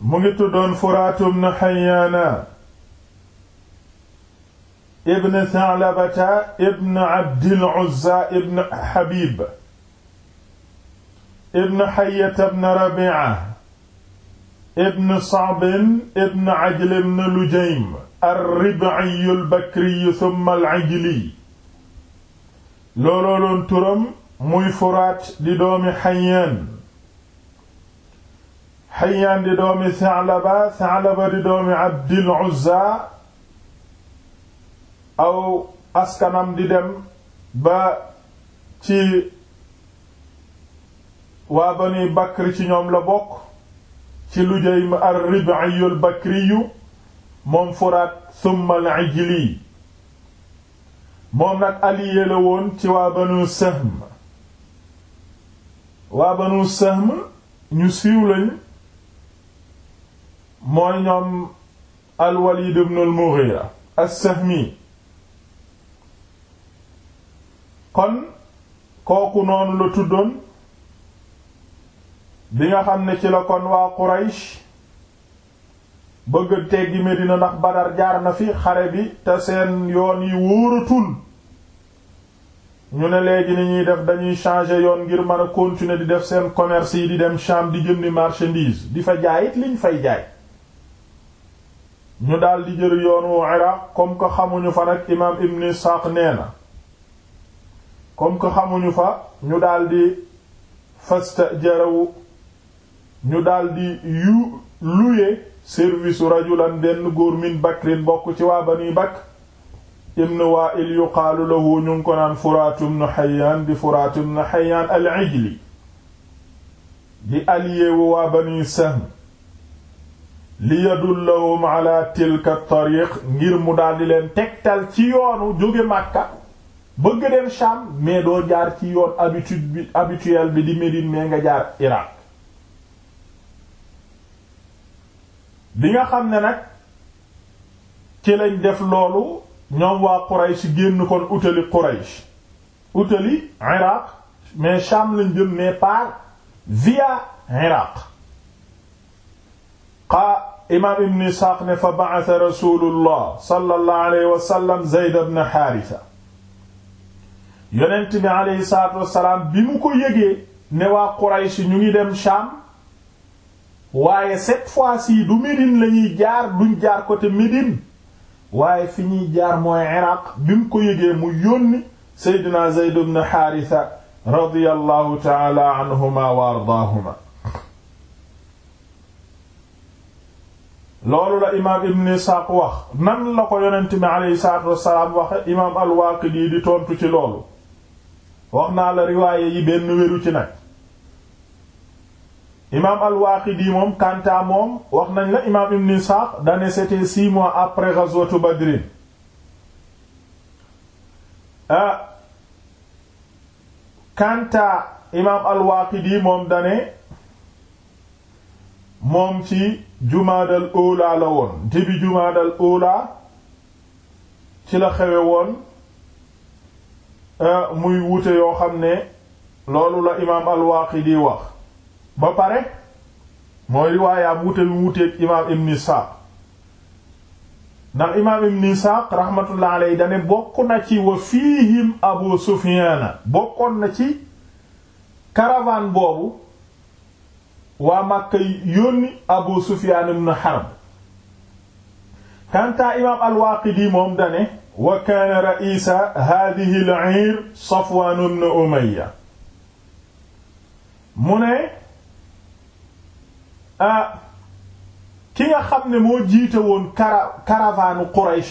mu ngi tuddoon furaatum na xayaana ibn thalabata ibn abdil uzza ibn habib ibn xayata ibn rabi'a ibn saabin ibn ajl ibn lujaym ar-rib'iyu al-bakriyu thumma al-ajli loolooloon turam muy furaat di doomi xayaan Hayyaan di doomi Sa'laba Sa'laba di doomi Abdil Uzza aw askanam di dem ba ci waa Bani Bakr ci ñoom la bokk ci Lujaym ar-Rib'i al-Bakri moom Furaat thumma al-Ijli moom nag allié la woon ci waa Banu Sahm waa Banu Sahm ñu siiw mooy ñoom al-Walid ibn al-Mughira as-Sahmi kon kooku noonu la tuddoon bi nga xam ne ci la kon waa Quraysh bëgg teggi Medina ndax Badar jaar na fi xare bi te seen yoon yi wóoratul ñu ne léegi ni ñuy def dañuy changer yoon ngir mën a continuer di def seen commerce yi di dem Sham di jëndi marchandise di fa jaayit liñ fay jaay ñu daal di jër yoon wu iraq comme que xamuñu fa nag imaam ibn isxaaq nee na comme xamuñu fa ñu daldi di fastajarawu ñu daldi di yu luye service rajulan benn góor min bakrin bokk ci waa bani bakr ibn wa'il yuqaalu lahu ñu ngi ko naan furaatu ibn xayaan di furaatu ibn xayaan al ijli di aliewu waa bani sahm li yadullahum ala tilka tariq ngir mu daal di leen tegtal ci yoonu jóge Makka bëgg dem Sham mais doo jaar ci yoon habitude bi habituel bi di Médine mais nga jaar Irak bi nga xam ne nag ci lañ def loolu ñoom waa Quraysh génn kon utali Quraysh utali Irak mais Sham lañ jëm mais via Irak qaa imaam ibn isxaaq ne fa ba'atha rasulullah sallallahu alayhi wa sallam zayd ibn haarisa yonent bi aleyhi salaatu wasalaam bi mu ko yëgee ne waa Quraysh ñu ngi dem Sham waaye cette fois-ci du Médine la ñuy jaar duñ jaar côté Médine waaye fi ñuy jaar mooy Iraq bi mu ko yëgee mu yónni Seydina Zayd ibn Haarisa radiyallahu ta'ala anhuma wa ardaahuma loolu la imaam ibn Isaaq wax nan la ko yonent bi aleyhi salaatu wassalaam waxe imaam al-Waaqidi di tontu ci loolu wax naa la riwaaye yi benn wéru ci nag imaam al-Waaqidi moom kantaa moom wax nañ la imaam ibn Isaaq dane c'était six mois après ghazwatu Badr ah kantaa imaam al-Waaqidi moom dane moom ci jumaadal oolaa la woon début jumaadal oolaa ci la xewe woon euh, muy wute yoo xam ne loolu la imaam al-Waaqidi wax ba pare mooy riwaayaam wute bi wuteeg imaam Ibn Isaaq ndax imaam Ibn Isaaq rahmatullah alayhi dane bokk na ci wa fiihim Abu Sufyaan bokkoon na ci caravane boobu waa Makka yónni Abu Sufyaan ibn Harb kantaa imaam al moom dane wa kaana ra'iisa haadihi al Safwaan ibn Umayya mu ne ah ki nga xam ne moo jiite woon kara karavaanu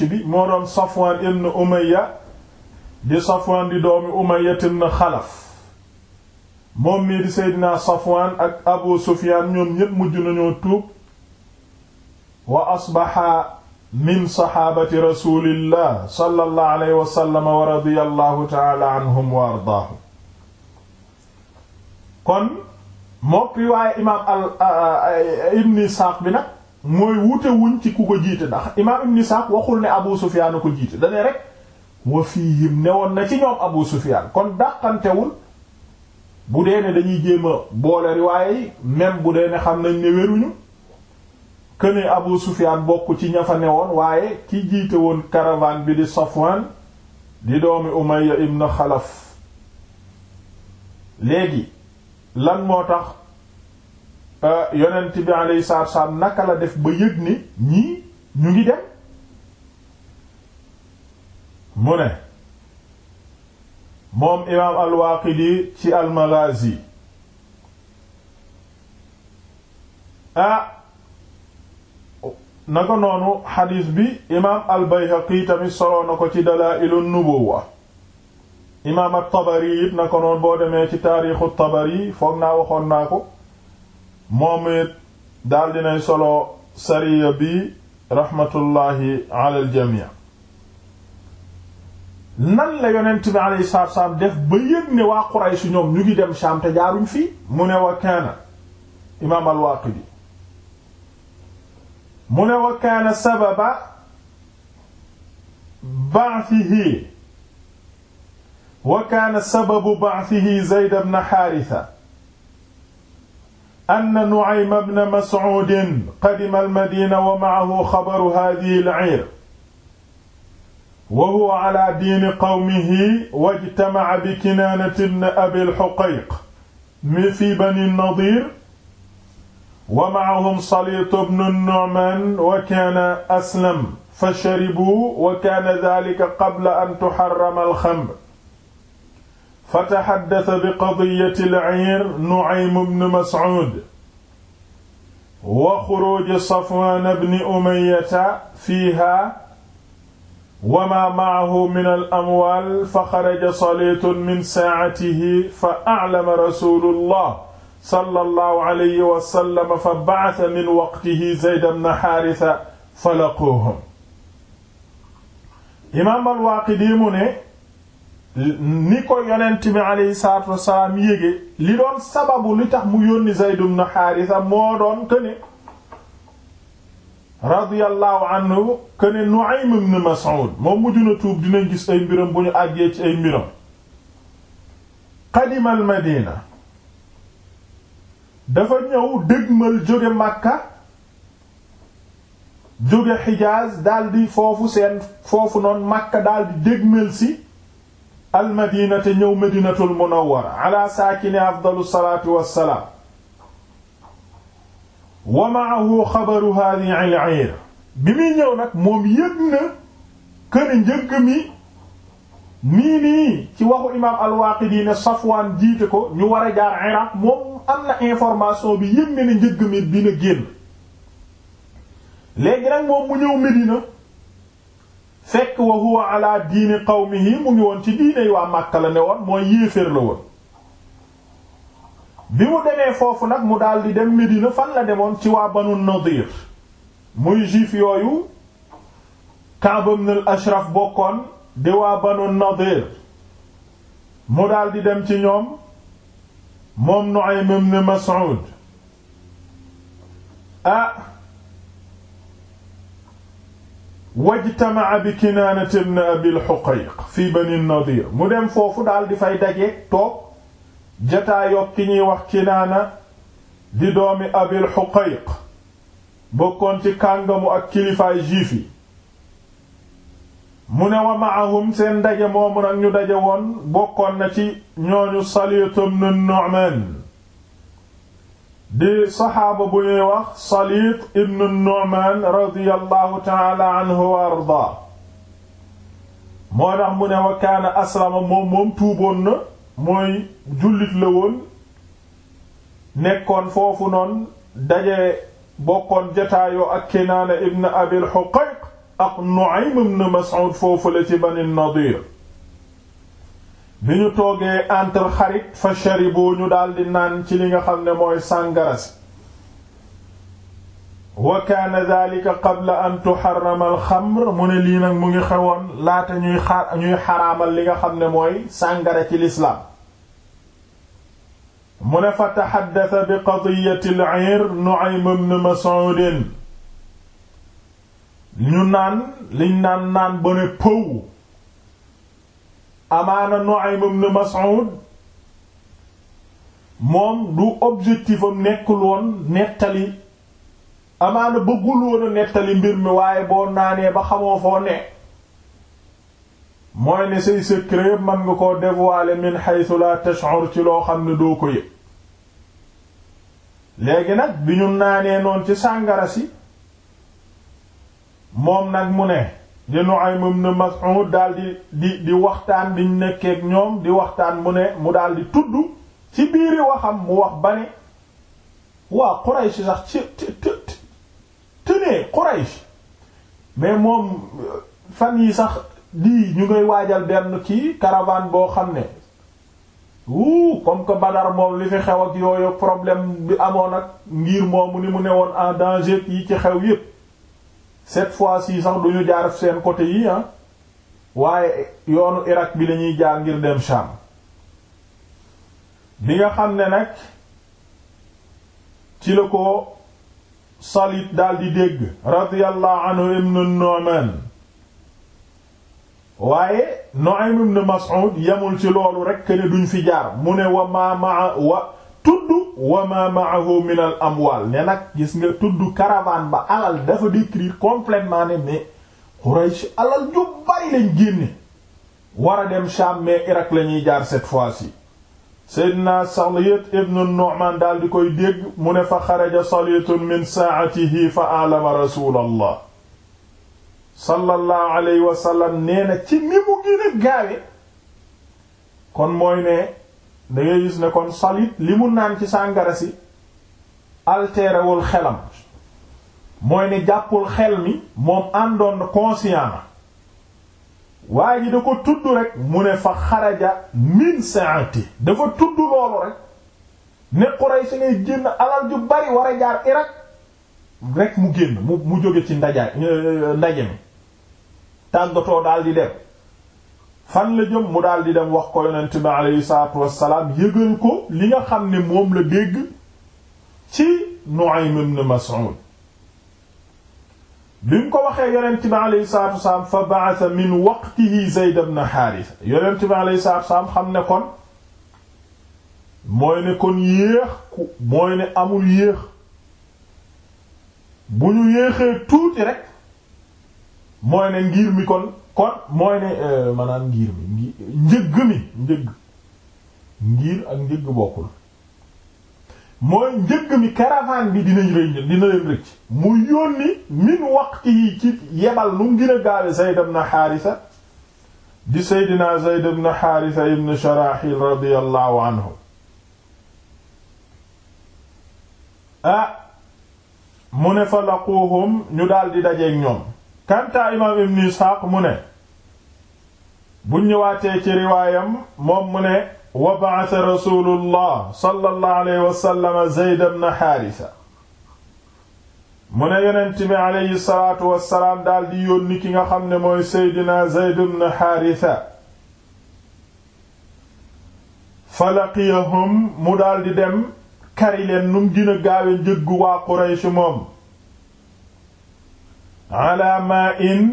bi moo doon Safwaan ibn Umayya di Safwaan di doomi Umayya ibn Xalaf moom mii di Seydina Safwaan ak Abu Sufyaan ñoom ñépp mujj nañoo tuub wa asbaxa min saxaabati rasulillah sallallahu alayhi wa sallam wa radiyallahu ta'ala anhum wa ardaahum kon mokk riwaaye imaam al Ibn Isaaq bi nag mooy wuute wuñ ci ku ko ndax imaam Ibn ne Abu Sufyaan ko jiite dane rek wa fiihim newoon na ci ñoom Abu Sufyaan kon dàqantewul bu dee ne dañuy jéem a boole riwaaye yi même bu dee ne xam nañ ne wéruñu këne Abu Sufyan bokk ci ña fa newoon waaye ki jiite woon caravane bi di Safwan di doomi Umayya ibn Xalaf léegi lan moo tax euh, yonent bi alayhi salaatu wassalaam naka la def ba yëg ni ñii ñu ngi dem mu ne moom imaam al-Waaqidi ci al-Maghazi naka noonu xadiis bi imaam al-Bayhaqi tamit soloo na ko ci Dalaa'ilu Nubuwwa imaam at-Tabari naka noonu boo demee ci taariixu Tabari foog naa waxoon naa ko moom it daal dinay solo sariya bi raxmatullaahi alal jamii nan la yonent bi alayhi salaatu salaam def ba yëg ne waa Quraysh ñoom ñu ngi dem Sham te jaaruñ fii mu ne wa kaana imaam al-Waaqidi mu ne wa kaana sababa ba'thihi wa kaana sababu ba'thihi Zayd ibn Haaritha anna Nu'aym ibn Mas'uud qadima al-Madiina wa ma'ahu xabaru haadhihi al-'ayr wa huwa ala diini qawmihi wajtamaca bi kinaanati bni abil xuqayq mi fi bani nadiir wa macahum saliitu bnu nucmaan wa kaana aslam fa sharibuu wa kaana daalika qabla an tuxarrama alxamr fa taxaddasa bi qadiyati alciir nucaym bnu mascuud wa xuruuji safwaan bni umayyata fiihaa wa maa ma'ahu min al-amwaal fa xaraja saliitun min saa'atihi fa a'lama rasuulullah sallallahu alayhi wa sallam fa ba'atha min waqtihi Zayd ibn Haaritha fa laquuhum. imaam al-Waaqidi mu ne ni ko yonent bi alayhi salaatu wa salaam yéege li doon sababu li tax mu yónni Zayd ibn Haaritha moo doon këne radiyallahu anhu këne Nu'aym ibn Mas'ud moom mujj na tuub dinañ gis ay mbiram bu ñu àggee ci ay mbiram qadimal Madina dafa ñëw dégmal jóge Makka jóge Xijaaz daldi foofu seen foofu noonu Makka daldi dégmal si al ñëw Madinatul Munawwara ala saakini afdalu salaatu wassalaam wa maahu xabaru hadihi al-ayr bi muy ñëw nag moom yëg na këni njëgg mi nii nii ci waxu imaam al-Waaqidi jiite ko ñu war a jaar Iraq moom am na information bi yëg na njëgg mi dina génn léegi nag moom mu ñëw Medina fekk wa huwa ala diini qawmihi mu ngi woon ci diine waa Makka la ne woon mooy yéeféer la woon bi mu demee foofu nag mu daal di dem Medina fan la demoon ci waa Banu Nadir muy juif yooyu Ka'b ibn ashraf bokkoon di waa Banu Nadir mu daal dem ci ñoom moom Nu'aym ibn Mas'ud ah wajtama'a bi Kinaanata ibn Abi al-Huqayq fii Nadir mu dem foofu daal di fay daje toog jataayoo ki ñuy wax Kinaana di doomi Abil Huqayq bokkoon ci kàngamu ak kilifaay juif yi mu ne wa ma'ahum seen ndaje moomu nag ñu daje woon bokkoon na ci ñooñu Saliit ibnu Nu'maan di saxaaba bu ñuy wax Saliit ibnu Nu'maan radiyallahu ta'ala anhu wa ardaa moo tax mu ne wa kaana aslama moom moom tuuboon mooy jullit la woon nekkoon foofu noon daje bokkoon jataayoo ak Kinaana ibn Abil Huqayq ak Nu'aym ibn Mas'ud foofu la ci Bani Nadir bi ñu toogee entre xarit fa sharibu ñu daldi naan ci li nga xam ne mooy sàngara si wa kaana daalika an tuharrama al-xamr mu ne lii nag mu ngi xewoon laata ñuy xaar li nga xam ne mooy sàngara ci lislaam mu ne fa taxaddasa bi qadiyati al-ayr Nu'aym ibn Mas'ud ñu naan liñ naan naan ba ne pëw amaana Nu'aym ibn Mas'ud moom du objectif am nekkul woon nettali amaana bëggul woon a nettali mbir mi waaye boo naanee ba xamoo foo ne mooy ne say secret yépp mën nga koo dévoiler min haythu la tash'ur ci loo xam ne doo ko yëg léegi nag bi ñu naanee noon ci sàngara si moom nag mu ne di Nu'aym ibn Mas'ud daldi di di waxtaan diñ nekkeek ñoom di waxtaan mu ne mu di tudd ci biiri waxam mu wax ba ne waa Quraysh sax tenez Quraysh mais moom fan yi sax di ñu ngay waajal benn kii caravane boo xam ne wuu comme que Badar moom li fi xew ak yooyu problème bi amoon ak ngir moomu ni mu newoon en danger yi ci xew yépp set fois yi sax duñu jaar seen côté yi ah waaye yoonu Irak bi lañuy jaar ngir dem Sham bi nga xam ne nag ci la ko salit daldi dégg radiyallahu anhu ibnu yamul ci loolu rekk ne duñ fi jaar mu ne wa ma wa tudd wa ma maahu min al ne nag gis nga tudd caravane ba alal dafa décrire complètement ne mais Quraysh alal ju bari génne war a dem Sham mais Irak la jaar cette fois-ci seydna Salyit ibnu Nu'man daal di koy dégg mu ne fa xaraja Salyitun min saa'atihi fa aalama rasuulallah sallallahu alayhi wa sallam nee na ci ni mu gën a gaawe kon mooy ne da gis ne kon Salyit li mu naan ci sàngara si altéerewul xelam mooy ne jàppul xel mi moom àndoon conscient na waa yi da ko tudd rek mu ne fa xaraja min saati dafa tudd loolu rek ne Quraysh ngay génn alal ju bari war a jaar rek mu génn mu jóge ci ndajaay euh, ndaje mi tàggatoo daal di dem fan la jëm mu daal di dem wax ko yonent bi aleyhi salaatu wassalaam yëgal ko li nga xam ni moom la dégg ci Nu'aym ibn Mas'ud li mu ko waxee yonent bi alayhi salaatu wasalaam fa ba'atha min waqtihi Zayd ibn Haarisa yonent bi alayhi salaatu wasalaam xam ne kon mooy ne kon yéex ku mooy ne amul yéex bu ñu yéexee tuuti rek mooy ne ngir mi kon kon mooy ne euh, maanaam ngir mi njëgg mi njëgg ngir ak njëgg bokkul mooy njëgg mi caravane bi dinañ rëñ dina leen rëcc mu yónni min waqti yi ci yebal nu ngir a gaawe Zayd ibn Haarisa di Seydina Zayd ibn Haarisa ibn Sharaxil radiyallahu anhu ah mu ne fa laquuhum ñu daldi di dajeeg ñoom kantaa imaam ibn Isxaaq mu ne buñ ñëwaatee ci riwaayam moom mu ne wa ba'atha rasulullah sallallahu alayhi wa sallam Zayd ibn Haarisa mu ne yonent bi alayhi salaatu wassalaam daal di ki nga xam ne mooy Seydina Zayd ibn Haarisa falaqiyahum mu daal dem kari leen num dina gaawe njëggu waa Quraysh moom ala ma in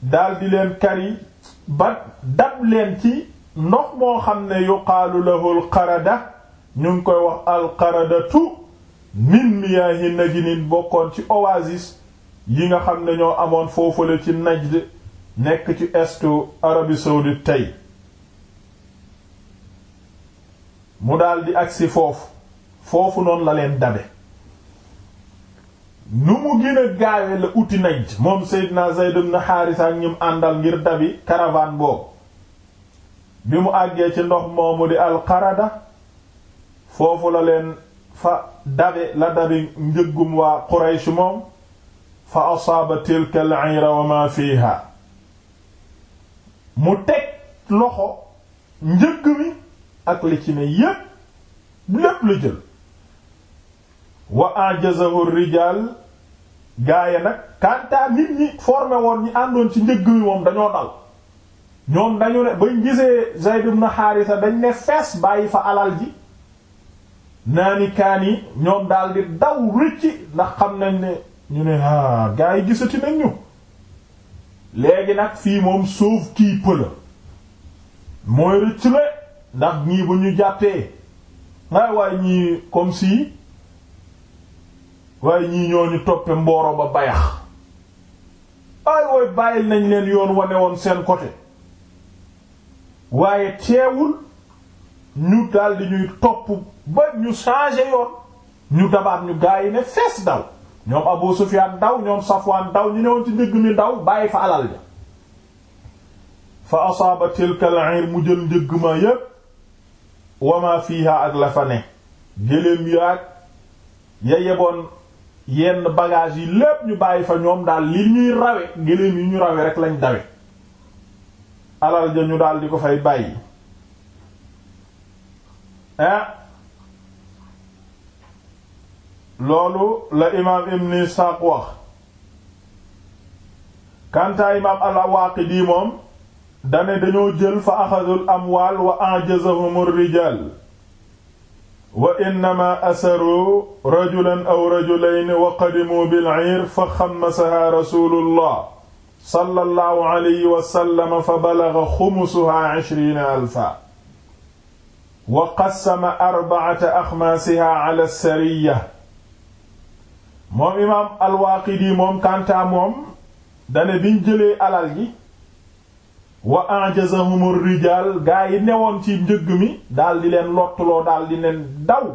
daal leen kari dab leen ci ndox moo xam ne yu yuqaalu lahu alqarada ñu ngi koy wax alqaradatu min miyaahi najinin bokkoon ci oasis yi nga xam ne ñoo amoon foofule ci najd nekk ci estu Arabie saoudite tey mu daldi agsi foofu foofu noonu la leen dabe nu mu gën gaawe la uti najd moom Seydina Zayd ibn Haarisa ak ñim àndal ngir dabi caravane boobu bi mu àggee ci ndox moomu di alxarada foofu la leen fa dabe la dabi njëggum waa Quraysh moom fa asaaba tilka al wa ma fiha mu teg loxo njëgg mi ak li ci ne yépp lépp la jël wa ajazahu rijal gaaya nag kantaa nit ñi formé woon ñi àndoon ci njëgg mi moom dañoo dal ñoom dañu ne bañ gisee Zayd ibn Haarisa dañ ne fees bàyyi fa alal ji naani kaani ñoom daal di daw rëcci ndax xam nañ ne ñu ne gaa yi gisati nañ ñu léegi nag fii moom suuf qui peut la mooy rëcc la ndax ñii bu ñu jàppee ngay waaye ñii comme si waaye ñii ñoo ñu toppe mbooro ba bayax ay wooy bàyyil nañ leen yoon wane woon seen côté waaye teewul ñu daldi ñuy topp ba ñu changé yoon ñu dabaat ñu gaa yi ne fees daw ñoom Abu Sufyan daw ñoom Safwan daw ñu newoon ci njëgg mi daw bàyyi fa alal ja fa asaaba tilka al mu jël njëgg ma yépp wa ma ak la fa ne géléem yaak ya yeboon yenn bagage yi lépp ñu bàyyi fa ñoom daal li ñuy rawe géléem yi ñu rawe rek lañ dawe alal ja daal di ko fay bàyyi ah loolu la imaam ibn Isaaq wax kantaa imaam al-Waaqidi moom dane dañoo jël fa axadul amwaal wa ajazahum ar-rijaal wa innama asaru rajulan aw rajulayn wa qadimu bil-'ir fa xammasaha rasulullah sallallahu alayhi wa sallam fa balaga xumusuha ishriina alfa wa qassama arba'ata axmaasiha ala sariya moom imaam alwaaqidi moom kantaa moom dane biñ jëlee alal ji wa ajazahum rijaal gaa yi newoon ci njëg mi daldi leen lottuloo daldi leen daw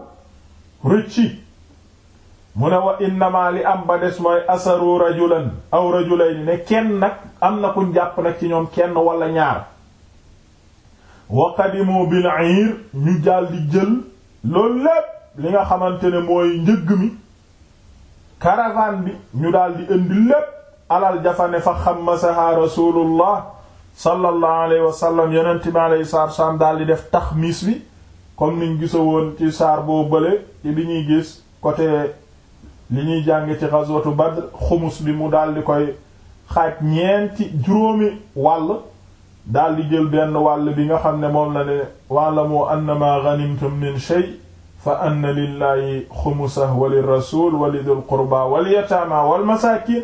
rëcci mu ne wa innama li am ba des mooy asaru rajulan aw rajulayn ne kenn nag am na kuñ jàpp nag ci ñoom kenn walla ñaar wa qadimu bil ayir ñu jàll di jël loolu lépp li nga xamante ne mooy njëgg mi caravane bi ñu daal di indi lépp alal jafane fa xammasaha rasulullah sallallahu alayhi wa sallam yonent bi alayhi salaatu wa salaam daal di def taxmiis bi comme niñ gisa woon ci saar boo bële ci bi ñuy gis côté li ñuy jàng ci ghazwatu Badr xumus bi mu daal di koy xaaj ñeenti juróomi wàll daal di jël benn wàll bi nga xam ne moom la ne wa'lamu annama ghanimtum min shay fa anna lillahi xumusahu wa lirrasul wa lidil qurba wal yataama wal masaakin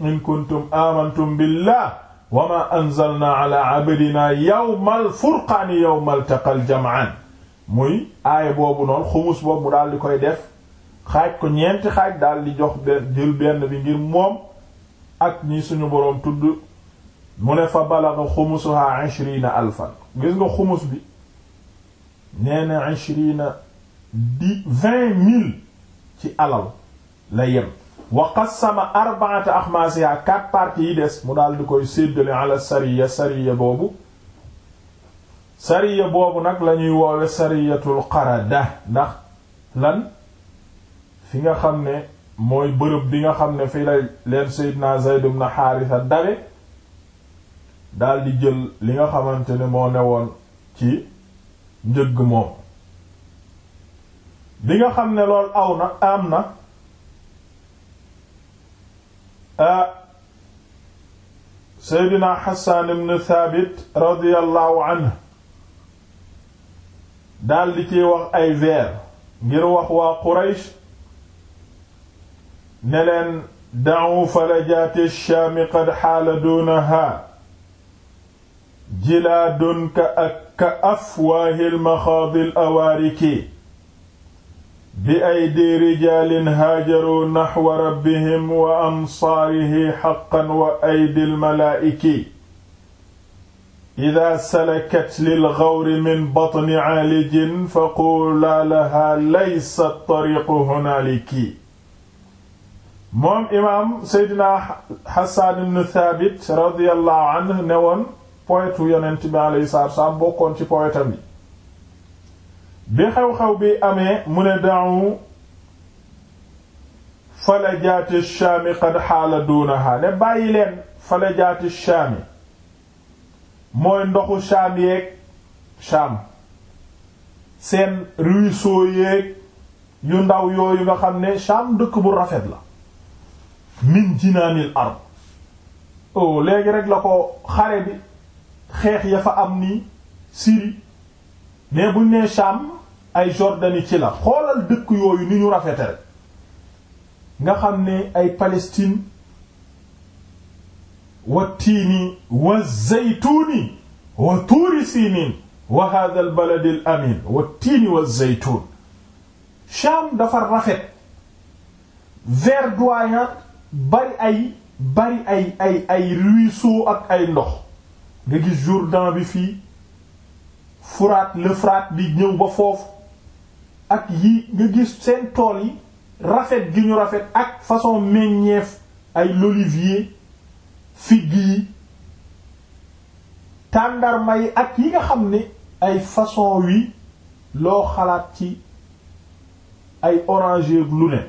in kuntum amantum billah wa ma anzalna ala abdina yawmal furqaani yawmal taqal jam'aan muy aaya boobu noonu xumus boobu mu daal di koy def xaaj ko ñeenti xaaj daal di jox benn jël benn bi ngir moom ak ñi suñu boroom tudd mu ne fa balaga xumusuha ishrina alfan gis nga xumus bi nee na ishrina di vingt mille ci alal la yem wa qassama arbaata axmaasiha quatre parties yi des mu dal di koy séddale ala sariya sariya boobu sariya boobu nag lañuy ñuy woowe sariyatul qarada ndax lan fi nga xam ne mooy bërëb bi nga xam ne fii la leen Seydina Zayd ibn Haarisa dawe daal di jël li nga xamante ne moo ci njëgg moom bi nga xam ne lool aw na am na ah Seydina Hassan ibn Thabit radiyallahu anhu daal di ci wax ay veer ngir wax waa Quraysh ne leen da'u falajaati shaami qad xaala duunaha jilaadun ka ak ka afwaahil maxaadil awaariki bi aydi rijaalin haajaru naxwa rabbihim wa ansaarihi xaqan wa aydil malaa'iki ida salakat lilgawri min batni caalijin faquulaa lahaa laysa tariiqu hunaaliki moom imaam Seydina Hassan ibn Thabit radiyallahu anhu ne woon poètu yonent bi alayhi salaatu bokkoon ci poètam yi bi xew-xew bi amee mu ne da'u falajaati shaami qad xaala duunaha ne bàyyi leen falajaati shaami mooy ndoxu shaam yeeg shaam seen ruisseau yeeg yu ndaw yooyu nga xam ne shaam dëkk bu rafet la min jinaanil ard oh léegi rek la ko xare bi xeex ya fa am nii Syrie mais buñ nee Sham ay Jordanie ci la xoolal dëkk yooyu ni ñu rafete rek nga xam ni ay Palestine wa tiini wa zaytuuni wa tuuri siiniin wa hadha al balad al amin wa tiini wa zaytuun Sham dafa rafet verdoyant bari ay bari ay ay ay ruisseau ak ay ndox nga gis Jourdain bi fii Furaat l'Euphrate bi ñëw ba foofu ak yi nga gis seen tool yi rafet gi ñu rafet ak façon meññeef ay l'olivier figues yi tàndarma yi ak yi nga xam ne ay façon wi loo xalaat ci ay oranger lu ne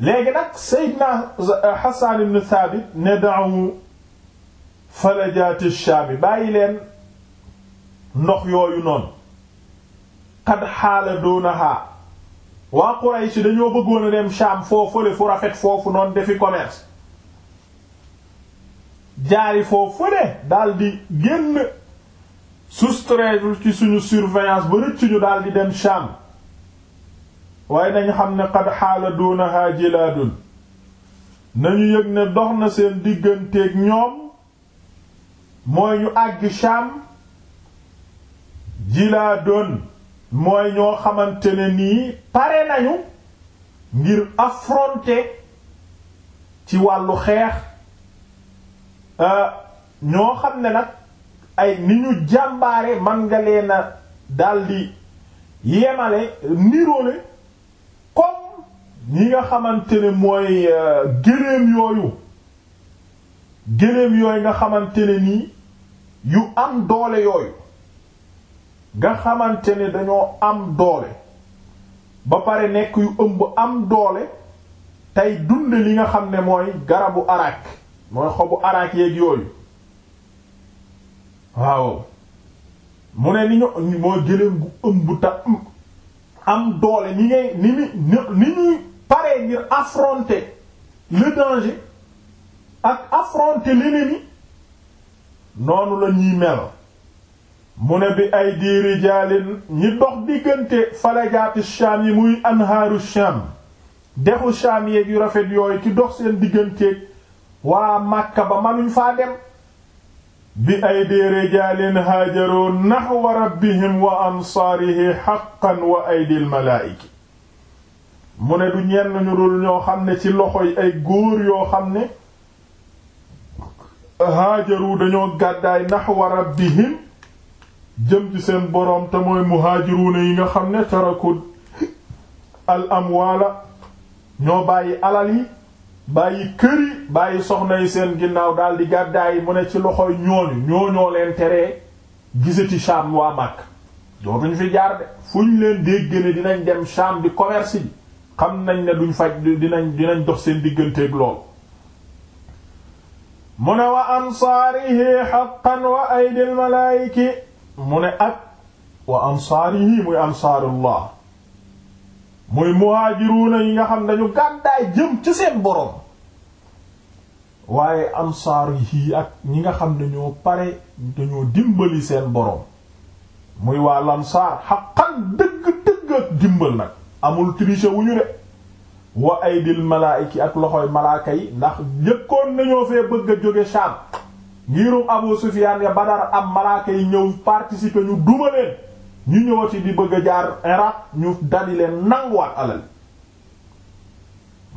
léegi nag Seydina Hassan ibn Thabit ne da'u falajaati Shaam bàyyi leen ndox yooyu noonu qad xaala duunahaa waa Quraysh dañoo bëggoon a dem Shaam foofule fu rafet foofu noonu defi commerce jaari foofule daldi génn soustraire ci suñu surveillance ba daal di dem Shaam waaye nañ xam ne xad xaala duunahaa nañu yëg ne dox na seen digganteeg ñoom mooy ñu àgg Shaam jilaadun mooy ñoo xamante ne nii pare nañu ngir affronter ci wàllu xeex euh, ñoo xam ne nag ay ni ñu jàmbaare man nga leena daldi yemale niroole comme ñi nga xamante ne mooy euh, géléem yooyu géléem yooyu nga xamante ne nii yu am doole yooyu nga xamante ne dañoo am doole ba pare nekk yu ëmb am doole tey dund li nga xam ne mooy garabu arak mooy xobu arak yeeg yooyu waaw mu ne ni ñu mooy géléem gu ëmb ta am doole ni ngay ni ni ni ñuy paree ngir affronter le danger ak affronter l'ennemi noonu la ñuy mel mu ne bi ay di rijaalin ñi dox diggante falajaati Shaam yi muy anhaaru Shaam dexu Shaam yeeg yu rafet yooyu ci dox seen digganteeg waa Makka ba manuñ faa dem bi aydi rijaalin haajaruu naxwa rabbihim wa ansaarihi xaqan wa aydi almalaa'iki mu ne du ñenn ñu dul ñoo xam ne ci loxo yi ay góor yoo xam ne haajaru dañoo gàddaay naxwa rabbihim jëm ci seen boroom te mooy muhaajiruuna yi nga xam ne taraku al amwaala ñoo bàyyi alal yi bàyyi kër bàyyi soxna yi seen ginnaaw daal di gàddaay mu ne ci loxo ñooñu ñooñoo leen teree gisati Sham waa Makka dootuñ fi jaar de fu ñu leen dégg dinañ dem Sham di commerce yi xam nañ ne duñ faj dinañ dinañ dox seen digganteeg lool mu ne wa ansaarihi haqqan wa aydil malaayiki mu ne ak wa ansaarihi muy ansaarullah muy muhaajiruuna yi nga xam dañu gàddaay jëm ci seen boroom waaye ansaar yi ak ñi nga xam ne pare dañoo dimbali seen boroom muy waa lansaar xaqan dëgg-dëgg ak dimbal nag amul triche wu ñu de wa aydil malaayiki ak loxoy malaaka yi ndax njëkkoon nañoo fee bëgg a jóge Sham ngirum Abu Sufyaan ya Badar am malaaka yi ñëw participer ñu duma leen ñu ñëwati di bëgg a jaar Iraq ñu dali leen nanguwaat alal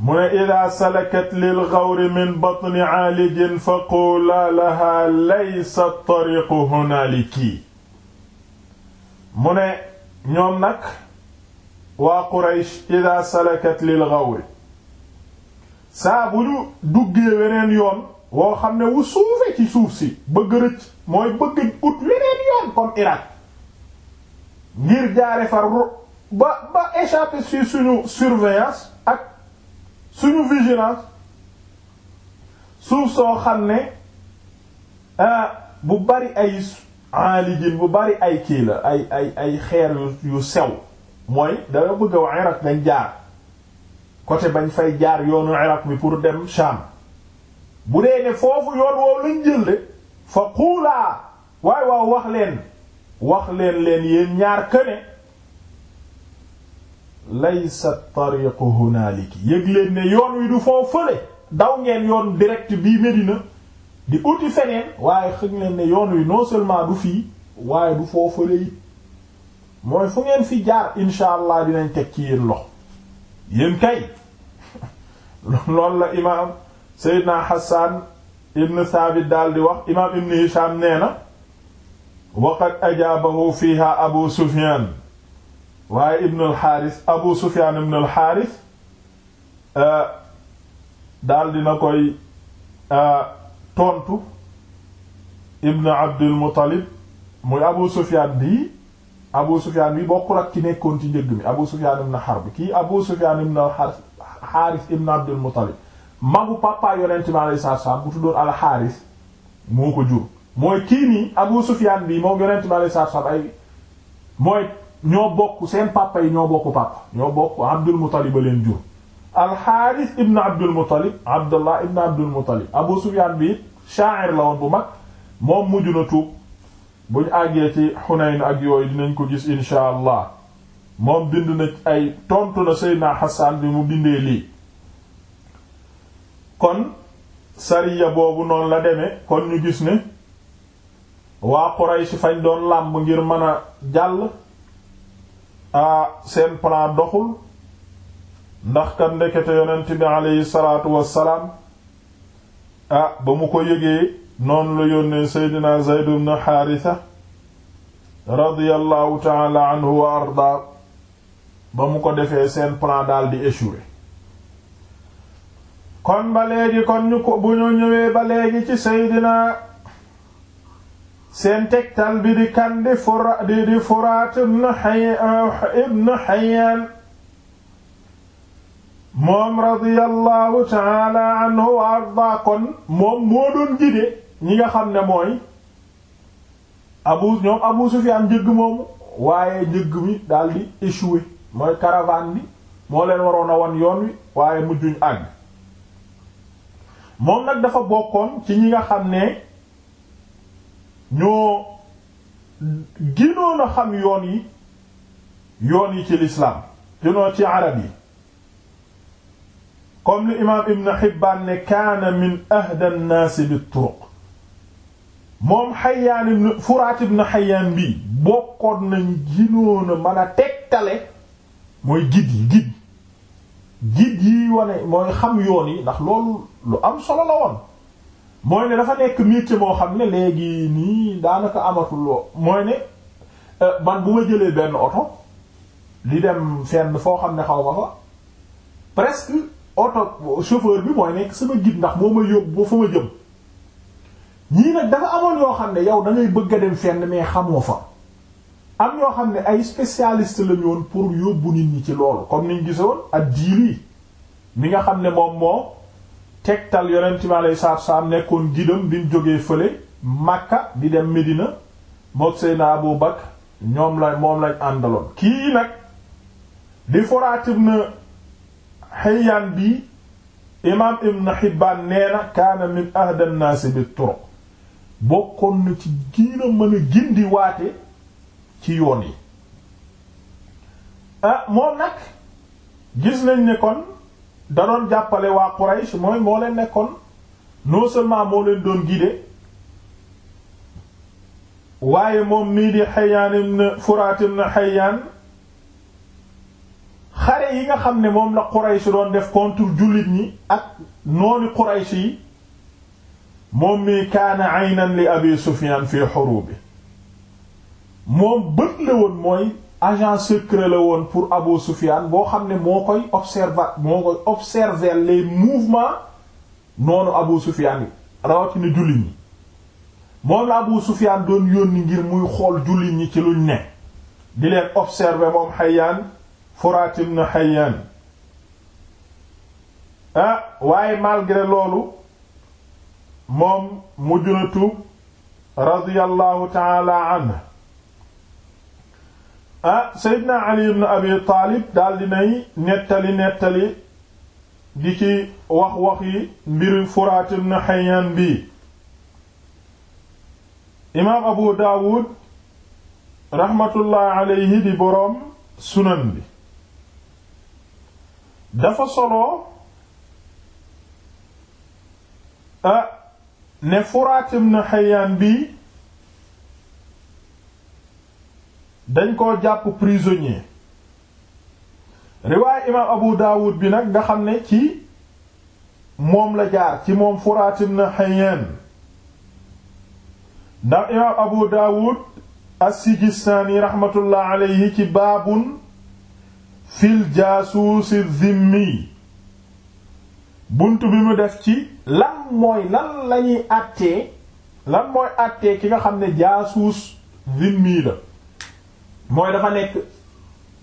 mu ne ida salakat lil gawri min batni aalijin fa quula laha laysa tariqu hunaaliki mu ne ñoom nag waa Quraysh ida salakat lil gawri saa duggee weneen yoon woo xam ne wu suufe ci suuf si bëgg rëcc mooy bëgg ut weneen yoon comme Irak ngir jaare far ba ba échapper ci suñu surveillance ak suñu vigilance suuf soo xam ne ah, bu bari ay aalijin bu bari ay kii la ay ay ay xeer yu sew mooy danga bëgg wax Irak dañ jaar côté bañ fay jaar yoonu Irak bi pour dem Sham bu dee ne foofu yoon woowu lañ jëlle fa xuulaa waaye waaw wax leen wax leen leen yéen ñaar këne laysa tariqu hunaaliki yëg ne yoon wi du foo fële daw ngeen yoon direct bii Medina di uti feneen waaye xëg leen ne yoon wi noo seulement du fii waaye du foo fële it mooy fu ngeen fi jaar insha allah dinañ teg ci yéen lox yéen kay loolu la imaam Seydina Hassan ibn Thabit daal di wax imaam Ibn Hisham nee na waqad ajaabahu fiiha abu sufyan waaye ibn alxaaris abu sufyan ibn alxaaris eh, daal dina koy eh, tontu ibn abdul muttalib muy abu sufyan bii abu sufyan bi bokkul ak ki nekkoon ci njëgg mi abu sufyan ibn harb kii abu sufyan ibn alxaaris ibn abdul muttalib papa yonent mi alayhi salaam bu tuddoon alxaaris moo ko jur mooy kii nii Abu Sufyaan bi moo yonent bi alayhi ay mooy ñoo bokk seen papa yi ñoo bokk papa ñoo bokk Abdul Muttalib a leen jur Al-Haaris ibn Abdul Muttalib Abdullah ibn Abdul Muttalib Abu Sufyaan bi it la woon bu mag moom mujj na tuub buñ àggee ci Hunayn ak yooyu dinañ ko gis insha allah moom bind na ay tontu na Seydina Hassan bi mu bindee lii kon sariya boobu noonu la deme kon ñu gis ni waa Quraysh fañ doon làmb ngir mën a jàll a seen plan doxul ndax kat ndekete yonent bi aleyhi salaatu wassalaam ba mu ko yégee noonu la yónnee Seydina Zayd ibn Haarisa radiyallahu taala anhu wa arda ba mu ko defee seen plan dal di échoué kon ba léegi kon ñu ko bu ñu ñëwee ba léegi ci Seydina seen tegtal bi di kan di fura di di Furaat ibn eh, Hayyaan moom radiyallahu taala anhu wa arda moom moo doon gide ñi nga xam ne mooy abu ñoom Abu Sufyaan njëgg moomu waaye njëgg mi daldi échoué mooy caravane bi moo leen waroon a wan yoon wi waaye mujjuñ àgg moom nag dafa bokkoon ci ñi nga xam ne ñoo ginoon a xam yoon yi yoon yi ci lislaam gënoo ci arab yi comme li imaam Ibn Hibbaan ne kaana min ahda an-naas bit-turuq moom Hayyaan ibn Furaat ibn Hayyaan bi bokkoon nañ ginoon a mën a mooy gid yi gid gid yi wane mooy xam yoon yi ndax loolu lu am solo la woon mooy ne dafa nekk métier moo xam ne léegi nii daanaka amatul loo mooy ne euh, man bu ma jëlee benn oto di dem fenn foo xam ne xaw ma fa presque oto chauffeur bi mooy nekk sama guide ndax moo ma yóbbu ba fa ma jëm ñii nag dafa amoon yoo xam ne yow dangay bëgg a dem fenn mais xamoo fa am yoo xam ne ay specialist lañu woon pour yóbbu nit ñi ci loolu comme niñ gisoon ak diir yi nga xam ne moom moo. tegtal yonent bi aleyhi salaatu salaam nekkoon gidam bi jóge jógee fële Makka di dem Medina mook Seydina Abu Bakr ñoom la moom lañ àndaloon kii nag di foraatib na Hayyan bi imaam Ibn Hibbaan nee na kaana min ahda an-naas bi bokkoon na ci gina mën a gindi waate ci yoon yi ah moom nag gis nañ ne da doon jàppale waa Quraysh mooy moo leen nekkoon non seulement moo leen doon guider waaye moom nii di Hayyan ibn Furat xare yi nga xam ne moom la Quraysh doon def contre jullit ñi ak nooni Quraysh yi moom mii kaana aynan li Abi Sufyan fi hurubi moom bët la woon mooy agent secret la woon pour Abu Sufyan boo xam ne moo koy observer moo koy observer les mouvements noonu Abu Sufyan yi jullit ñi moom la Abu Sufyan doon yónni ngir muy xool jullit ñi ci luñ ne di leen observer moom Hayyan Furat ibn Hayyan ah, waaye malgré loolu moom mujj na tuub ta'ala anhu ah Seydina Ali ibn Abi Taalib daal dinay nettali nettali di ci wax wax mbiri Furaat ibn Hayyan bi imaam Abu Daawud raxmatullahi alayhi di boroom sunan bi dafa solo ah, ne Furaat ibn Hayyan bi dañ koo jàpp prisonnier riwaay imaam Abu Dawud bi nag nga xam ne ci moom la jaar ci moom Furaat ibn Hayyan ndax imaam Abu Dawud as-Sijistaani raxmatullah alayhi ci baabun fil jaasuusi zimmi bunt bi mu def ci lan mooy lan lañuy àttee lan mooy àttee ki nga xam ne jaasuus zimmi la mooy dafa nekk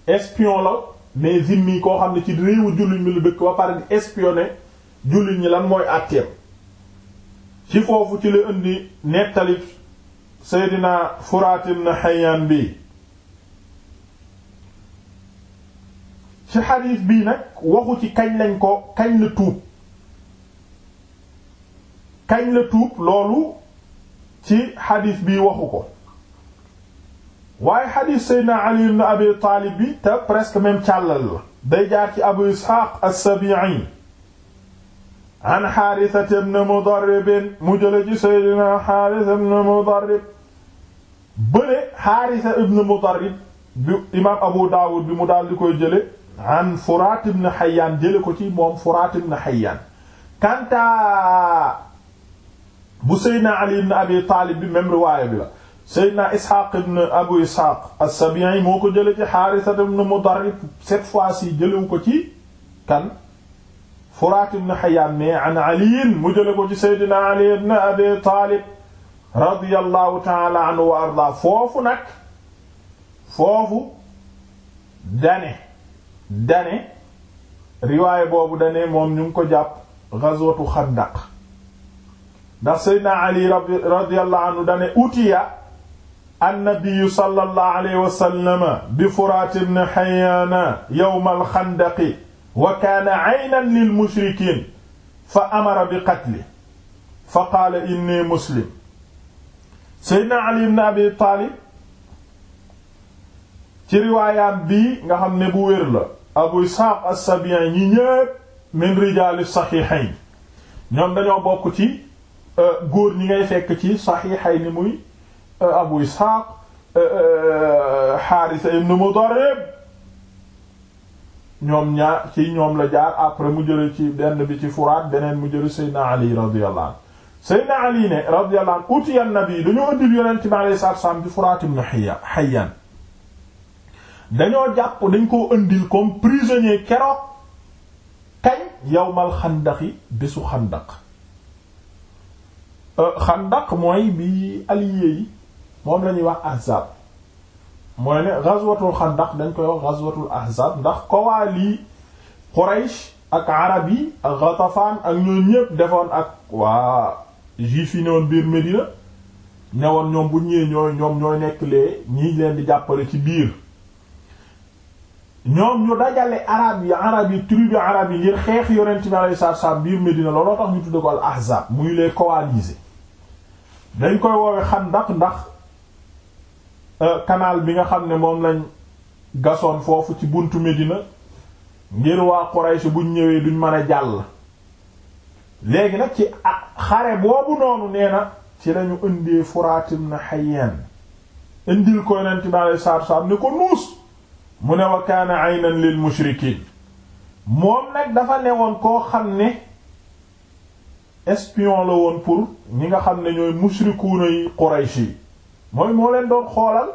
espion la mais zimmi koo xam ne ci réewu jullit ñi lu dëkk ba pare di espionner jullit ñi lan mooy àtteem ci foofu ci la indi nettali Seydina Furaat ibn Hayyan bi ci xadiis bii nag waxu ci kañ lañ ko kañ la tuub kañ la tuub loolu ci xadiis bi waxu ko waaye xadiis seydna ali ibn abi taalib bi te presque même càllal la day jaar ci abu isxaaq as-sabi'i an xaarisat ibn mudarrib mu jële ci seydna xaaris ibn mudarrib bële xaarisa ibn mudarrib bi imaam abu daawud bi mu daal di koy jële an furaat ibn xayaan jële ko ci moom furaat ibn xayaan kanta bu seydna ali ibn abi taalib bi même riwaaya bi la Seydina Isxaaq ibn Abu Isxaaq as-Sabi'i moo ko jële ci Haarisa ibn Mudarrib cette fois-ci jëlewu ko ci kan Furaat ibn Hayaan ne an Ali mu jële ko ci Seydina Ali ibn Abi Taalib radiyallahu ta'ala anhu wa ardaa foofu nag foofu dane dane riwaaya boobu dane moom ñu ngi ko jàpp gazwatu Xandaq ndax Seydina Ali radiyallahu anhu dane utiya annabiyu sallallahu alayhi wa sallama bi Furaat ibn Hayyaana yawmal xandaqi wa kaana aynan lil mushrikiin fa amara bi qatli fa qaala inni muslim Seydina Ali ibn Abi Taalib ci riwaayaat bii nga xam ne bu wér la Abu Isxaaq as-Sabi'i ñi ñépp min rijaali saxiixayn ñoom dañoo bokk ci euh, góor ñi ngay fekk ci saxiixayn ni muy abu isxaaq xaarisa ibn mudarrib ñoom ñaar ci ñoom la jaar après mu jële ci benn bi ci furaat beneen mu jële seydna ali radiyallahu anhu seydna ali ne radiyallahu anhu utiya nabi dañoo ëndil yonent bi alayhi salaatu salaam ci furaat ibn hayyan dañoo jàpp dañ koo ëndil comme prisonnier keroog kañ yawmal xandaqi bésu xandaq xandaq mooy bi allié yi moom lañuy wax ahzab mooy ne ghazwatul xandaq dañ koy wax ghazwatul ahzab ndax kowaali Quraysh ak arab yi ak Ghatafan ak ñooñu ñépp defoon ak waa juif yi newoon biir Médina newoon ñoom bu ñëwee ñooy ñoom ñooy nekk lee ñii leen di jàppale ci biir ñoom ñu dajale arab yi arab yi tribu arab yi ngir xeex yonent bi alayhi salaatu biir Médina looloo tax ñu tudde ko al ahzab muy les coalisés dañ koy woowe xandaq ndax kanaal euh, bi nga xam ne moom lañ gasoon foofu ci buntu Medina ngir waa Quraysh buñ ñëwee duñ mën a jàll léegi nag ci xare boobu noonu nee na ci lañu indee furaatim na xayeen indil ko yonent bi alei saatu ni ko nuus mu ne wa kaana aynan lil mushrikiin moom nag dafa newoon koo xam ne espion la woon pour ñi nga xam ne ñooy mushrikuuna yi Quraysh yi mooy moo leen doon xoolal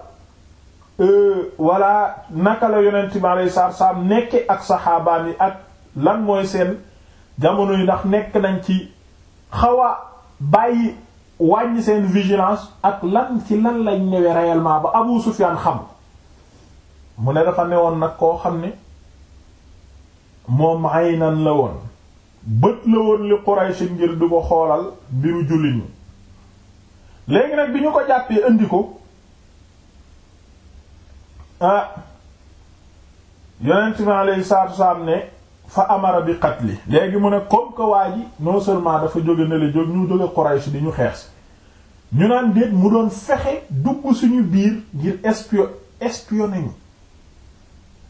euh, walla naka la yonent bi alayhi salaatu salaam nekke ak saxaabaan yi ak lan mooy seen jamono yi ndax nekk nañ ci xawa bàyyi wàññi seen vigilance ak lan ci lan lañ ñëwee réellement ba Abu Sufyaan xam mu ne dafa woon nag koo xam ni moom ay aynan la woon bët la woon li Quraysh ngir du ko xoolal mbiru julli ñi léegi nag bi ñu ko jàppee indi ko ah yonent mi alayhi salaatu ne fa amara bi xat li léegi mu ne comme que waa ji non dafa jóge ne la jóg ñu jóge Quraysh di ñu xeex si ñu naan déet mu doon fexe dugg suñu biir ngir espio espionné ñu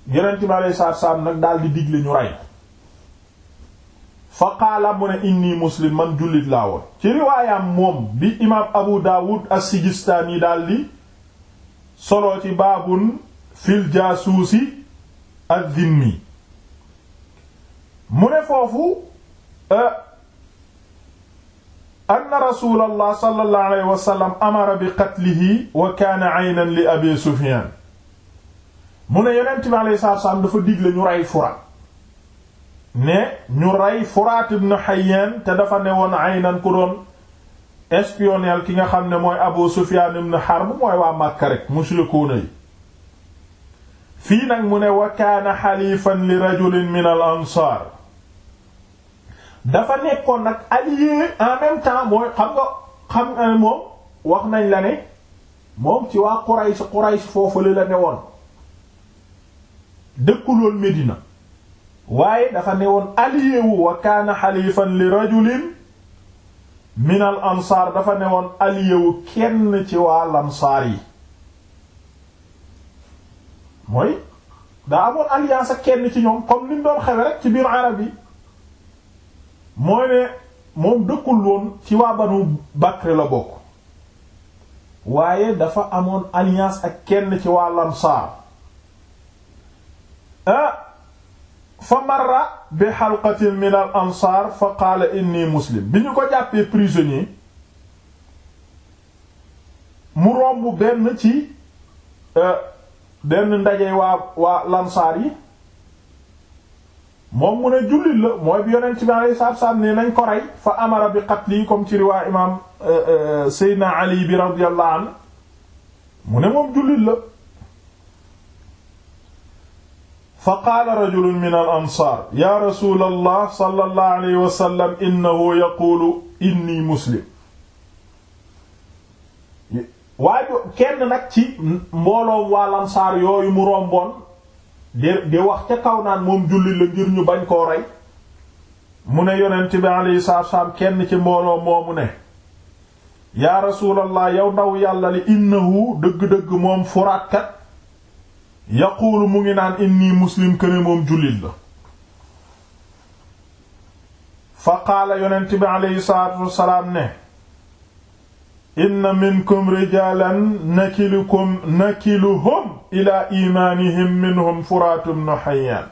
yonent mi alayhi salaatu nag daal di digle ñu rey fa qaala mu ne inni muslim man jullit laa woon ci riwaayam moom bi imaam abu daawud as-sijistaani daldi solo ci baabun fil jaasuusi ad-dhimmi mu ne foofu eh, anna rasuulallah sallallahu alayhi wa sallam amara bi qatlihi wa kaana aynan li abi sufyaan mu ne yonent bi alayhi salaatu wa salaam dafa digle ñu rey Fura ne ñu rey Furaat ibn Hayyan te dafa ne woon aynan ku doon espionnel ki nga xam ne mooy Abu Sufyan ibn Harb mooy waa Makka rek mushrikuuna yi fii nag mu ne wa kaana xalifan li rajulin min al ansaar dafa nekkoon nag allié en même mooy xam nga xam nga moom wax nañ la ne moom ci waa Quraysh Quraysh foofu la ne woon dëkkuloon Medina waaye dafa ne woon aliyewu wa kaana xalifan li rajulin min al dafa ne woon aliyewu kenn ci waa lansaar yi mooy daa amoon alliance ak kenn ci ñoom comme ni mu doon xewe rek ci biir arab yi mooy ne moom dëkkul woon ci waa banu Bakr la bokk waaye dafa amoon alliance ak kenn ci waa lansaar ah fa marra bi xalqatin min al ansaar fa qaala inni muslim bi ñu ko jàppee prisonnier mu romb benn ci euh, benn ndaje waa waa lansaar yi moom mu ne jullit la mooy bi yonent bi alayhi salaatu salaam ne nañ ko rey fa amara bi qatli comme ci riwaa imaam euh, euh, Seydina Ali bi radiyallahu anhu mu ne moom jullit la fa qaala rajulun min al ansaar yaa rasuulallah sallallahu alayhi wa sallam innahu yaquulu inni muslim waaye kenn nag ci mbooloom waa lansaar yooyu mu romboon di wax ca kaw naan moom julli la ngir ñu bañ koo rey mu ne yonent bi alayhi salaatu kenn ci mbooloom moomu ne yaa rasuulallah yow ndaw yàlla li innahu dëgg-dëgg moom furaatkat yaquulu mu ngi naan inni muslim këne moom jullit la fa qaala yonent bi aleyhi salaatu wassalaam ne inna minkum rijaalan nakilukum nakiluhum ilaa imaanihim minhum furaatum nu xayyaan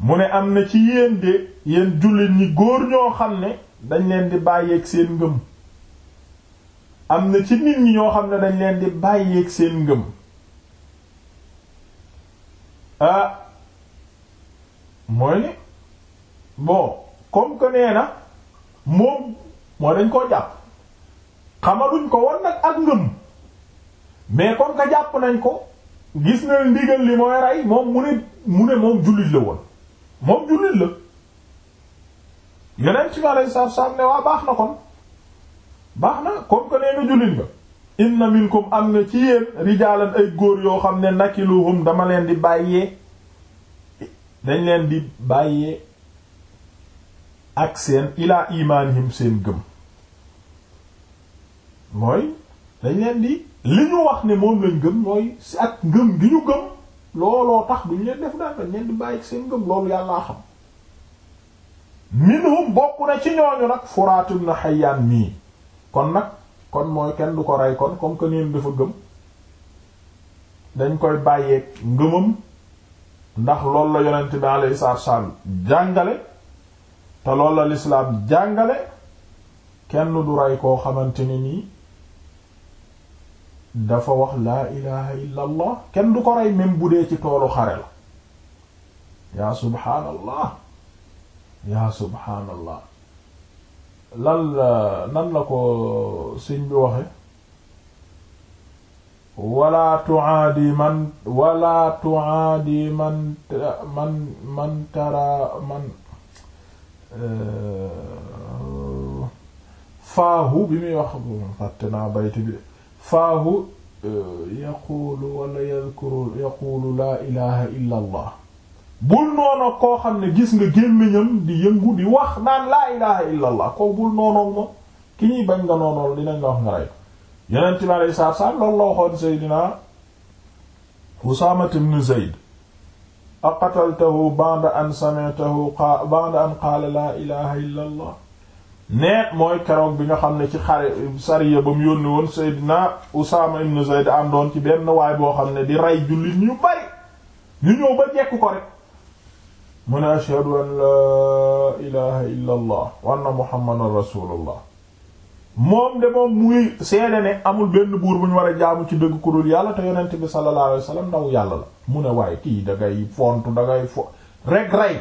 mu ne am na ci yéen de yéen jullit ñi góor ñoo xam ne dañ leen di bàyyeeg seen ngëm am na ci nit ñi ñoo xam ne dañ leen di bàyyeek seen ngëm ah mooy ni bon comme que nee na moom mooy dañ koo jàpp xamaluñ ko won nag ak ngëm mais comme que jàpp nañ ko gis na ndigal li mooy rey moom mu ne mu ne moom jullit la woon moom jullit la yeneen ci ma lay saaf saaf ne waa baax na kon baax na comme que nee na jullit nga inna minkum am na ci yéen rijaalan ay góor yoo xam ne nakiluhum dama leen di bàyyee dañ leen di bàyyee ak seen ilaa imaanihim seen gëm mooy dañ leen di li ñu wax ne moom lañ gëm mooy si ak ngëm gi ñu gëm looloo tax duñ leen def daal dañ leen di bàyyi seen ngëm loolu yàllaa xam minhum bokk na ci ñooñu nag Furaat ibn Hayyaan nii kon nag kon mooy kenn du ko rey kon comme que neen dafa gëm dañ koy bàyyeeg ngëmam ndax loolu la yonent bi alayhi salaatu salaam jàngale te loolu la lislaam jàngale kenn du rey koo xamante ni nii dafa wax laa ilaha illa kenn du ko rey même bu dee ci toolu xare la yaa subhaanallah yaa subhaanallah lan la nan la ko sëñ bi waxe man wala tuaadi man man tara man eh, faahu bi muy wax fàtte naa bayti bi faahu eh, yaqulu wala yadhkuru yaqulu bul noonoog koo xam ne gis nga gémmiñam di yëngu di wax naan laa ilaha illa allah bul noonoog moom ki ñuy bañ nga noonool dinañ nga wax nga rey yeneen mi aleyi saatu salaam loolu la waxoon seydina Usaama ibn Zayd aqataltahu ba'da mooy keroog bi nga xam ne ci xare ba mu yónni woon Seydina Usaama ibn Zayd àndoon ci benn waay boo xam ne di rey jullit ñu bari ñu ñëw ba jekk ko rek mu ne ashhadu an laa ilaha illa allah wa anna muhammadan rasulullah moom de moom muy seede ne amul benn buur bu ñu war a jaamu ci dëgg ku dul yàlla te yonent bi sallallahu alayhi wasallam ndaw yàlla la mu ne waaye kii da ngay fontu fo rek rey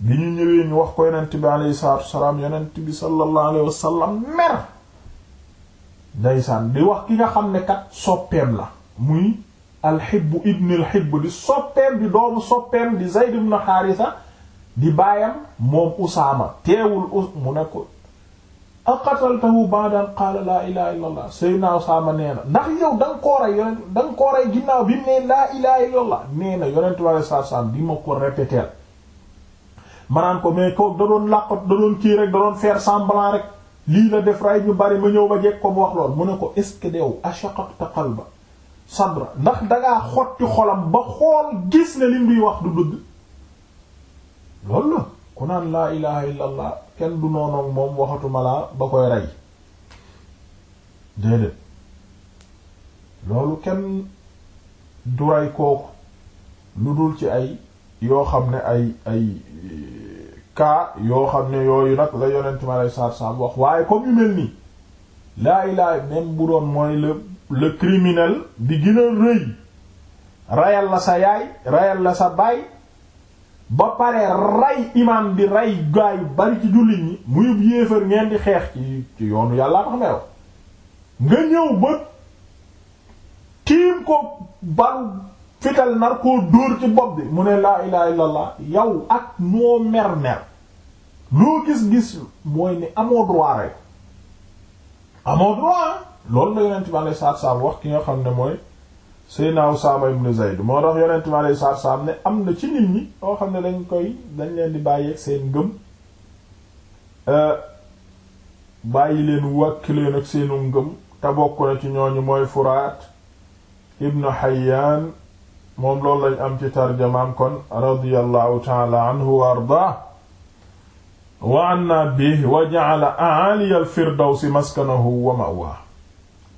bi ñu ñëwee ñu wax ko yonent bi alayhi salaatu wasalaam yonent bi sallallahu alayhi wasallam mer ndeysaan di wax ki nga xam ne kat soppeem la muy alxibb ibn alxibb di soppeem di doomu soppeem di Zayd ibn Haarisa di baayam moom Usaama teewul us mu ne ko aqataltahu ba'da qaala laa ilaha illa allah Seydina Usaama nee na ndax yow da nga koo rey yonent da nga koo rey ginnaaw bi mu ne laa ilaha illa allah nee na yonent bi alayhi salaatu salaam di ma ko répéter manaan ko mais ko da doon làqat da doon kii rek da doon faire semblant rek lii la def rey ñu bari ma ñëw ba jekk ko mu wax lool mu ne ko est-ce que dew ashaqaqta qalba sadra ndax dangaa xotti xolam ba xool gis ne lim duy wax du dëgg loolu la ku naan laa ilaha illa kenn du noonoog moom waxatuma laa ba koy rey déedéet loolu kenn du kooku lu dul ci ay yoo xam ne ay ay kaa yoo xam ne yooyu nag la yonent ma lay saar saar wax waaye comme yu mel nii laa ilaha même bu doon mooy la le criminel di gën rëy rayal la sa yaay rayal la sa baay ba pare ray imam bi ray gaa yu bari ci jullit ñi muyub yéefar ngeen di xeex ci yoonu yàlla tax meew nga ñëw ba tiim ko balu fital nar koo dóor ci bopp bi mu ne laa ilaha illallah yow ak noo mer mer loo gis-gis mooy ni amoo droit rek amoo droit ah. loolu la yonent bi alayhi salaatu salaam wax ki nga xam ne mooy Seydina Usaama ibn Zayd moo tax yonent bi alayhi salaatu salaam ne am na ci nit ñi yoo xam ne dañ koy dañ leen di bàyyeeg seen ngëm euh, bàyyi leen wàkki leen ak seenu ngëm te bokk na ci ñooñu mooy Furaat ibn Hayyaan moom loolu lañ am ci tarjamaam kon radiyallahu taala anhu wa ardaa wa anna bihi wa ja'ala a'ali al-firdawsi maskanahu wa ma'waahu